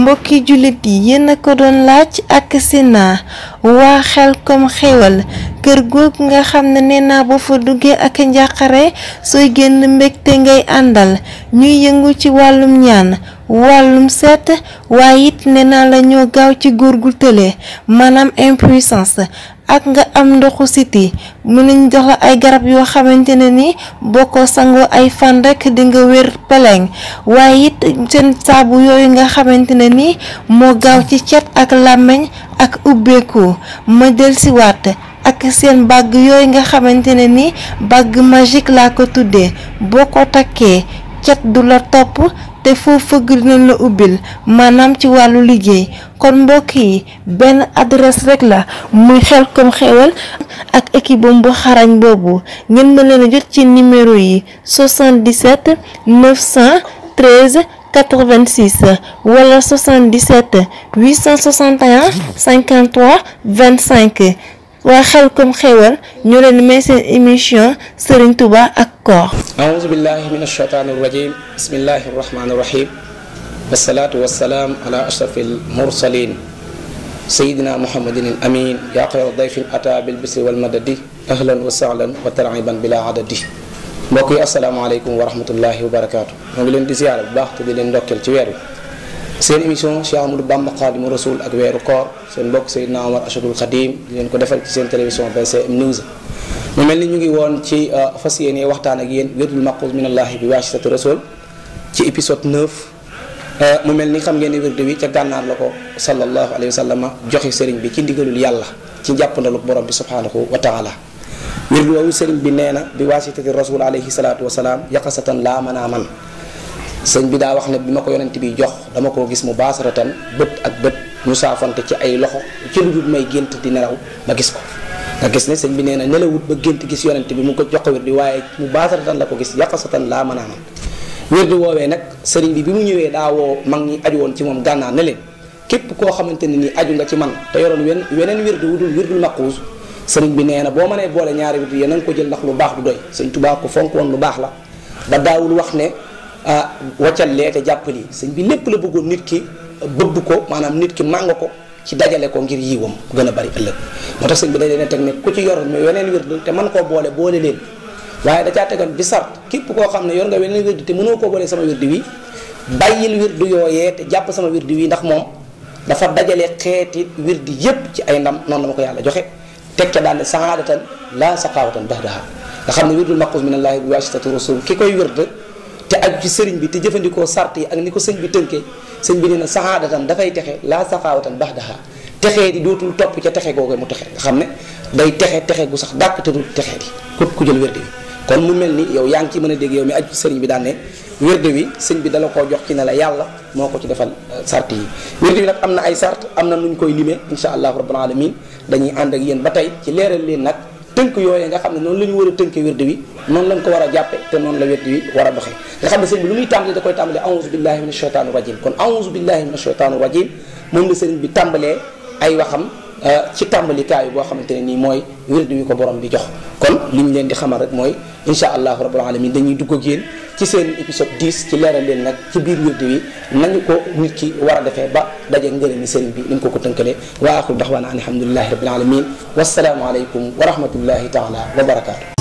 mbokki jullit yi yéen a ko doon laaj ak Sénat waa Xelcom xéwal kër googu nga xam ne nee naa boo fa duggee ak njàqare sooy génn mbégte ngay àndal ñuy yëngu ci wàllum ñaan wàllum seet waaye it nee naa la gaaw ci góor gu tële maanaam impuissance ak nga am ndoxu siti mën nañ jox ay garab yoo xamante ne ni boo ko sangoo ay fan rek di nga wér peleng waaye it seen saabu yooyu nga xamante ne ni moo gaaw ci cet ak làmmiñ ak ubbeeku ma del si ak seen bàgg yooyu nga xamante ne ni bàgg magique laa ko tuddee boo ko takkee cet du la topp te foo fëgg dinañ la ubbil maanaam ci wàllu liggéey kon mbokk yi benn adresse rek la muy Xelcom Xewël ak équipe bu xarañ boobu ngeen mën leen a jot ci numéro yi 77 913 86 wala 77 861 53 25 waa Xelcom xewal ñu leen may seen émission Serigne Touba ak koor aouzu billahi min ashaytani rajim bismillahi arrahmani arrahim wassalatu wassalaam ala ashrafi almursalin سيدنا محمد الأمين يا خير ضيف أتى بالبسر والمدد أهلا وسهلا وترعيبا بلا عدد mbokk yi asalaamaaleykum wa rahmatullahi wa barakaatu moo ngi leen di ziyaara bu baax te di leen ndokkeel ci weer wi seen émission si Amadou Bamba Khadimu Rasul ak weeru koor seen mbokk Seydina Omar Achadul Khadim di leen ko defal ci seen télévision BCM News mu mel ni ñu ngi woon ci euh, fas yéene waxtaan ak yéen wérdul maqouz minallahi bi waasitati rasul ci épisode 9 euh, mu mel ni xam ngeen ne wérde wi ca gànnaar la ko sallallahu alayhi wa sallam joxe sëriñ bi ci ndigalul yàlla ci njàppandalu borom bi subhanahu wa taala wérdu woowu sëriñ bi nee na bi waasitati rasul alayhi salaatu wasalaam yaqasatan laa manaa man señ bi daa wax ne bi ma ko yonent bi jox dama ko gis mu baasaratan bët ak bët ñu saafante ci ay loxo ci lu may gént di nelaw ma gis ko nga gis ne señ bi nee na nelawut ba gént gis yonent bi mu ko jox ko wér di waaye mu baasaratan la ko gis yaqasatan laa manaama wér di woowee nag sëriñ bi bi mu ñëwee daa woo mag ñi aju woon ci moom gànnaa ne leen képp koo xamante ni aju nga ci man te yoroon wen weneen wér di wudul wér dul maquus sëriñ bi nee na boo mana boole ñaari wér di yéen ya, ko jël ndax lu baax du doy sëñ tubaa ko fonk woon lu baax la ba daawul wax ne ah waccal lee te jàppal lii sëñ bi lépp la bëggoon nit ki bëgg ko maanaam nit ki màng ko ci dajale ko ngir yiwam gën a bari ëllëg moo tax sëñ bi dañ leen teg ne ku ci yor mais weneen wird te man koo boole boole leen waaye da caa tegoon bi sart képp koo xam ne yor nga weneen wird te mënoo koo boole sama wird wi bàyyil wird yooyee te jàpp sama wird wi ndax moom dafa dajale xeeti wird yépp ci ay ndam noon la ma ko yàlla joxe teg ca daal ne saadatan laa saqaawatan baxdaha nga xam ne wirdul maqus min allahi bi wasitati rasul ki koy wird te aju ci sëriñ bi te jëfandikoo sart yi ak ni ko sëñ bi tënkee sëñ bi nee na saxaadatan dafay texe laa saxaawatan bax daxaa texee di dootul topp ca texe googu mu texe nga xam ne day texe texe gu sax dàq te du texe di képp ku jël wérde wi kon mu mel ni yow yaa ngi ci mën a dégg yow mi aju ci sëriñ bi daanee ne wi sëñ bi dala koo jox ci ne la yàlla moo ko ci defal euh, sart yi wérde wi nag am na ay sart am na nuñ koy limee insha allahu rabbal alamin dañuy ànd ak yéen ba tey ci leeral leen nag tënk yooyee nga xam ne noonu la ñu war a tënkee wérde wi noonu lañ ko war a jàppe te noonu la wérde wi war a doxee nga xam ne sëriñ bi lu muy tàmbalee da koy tàmbalee aouzu billahi mina shaytaani rajim kon aouzu billahi mina shaytaani rajim moom la sëriñ bi tàmbalee ay waxam Euh, ci tàmbalikaayu boo xamante ne nii mooy wérdu wi ko borom bi jox kon li ñu leen di xamal rek mooy insha allahu rabbul alamin dañuy dugg ak ci seen épisode 10 ci leeral leen nag ci biir wérdu wi nañu ko nit ki war a defee ba daje ngërëmi sëriñ bi ni ñu ko ko tënkalee wa axul daxwaana an alhamdulilahi rabbil alamin wasalaamu aleykum wa rahmatullahi taala wa barakaatu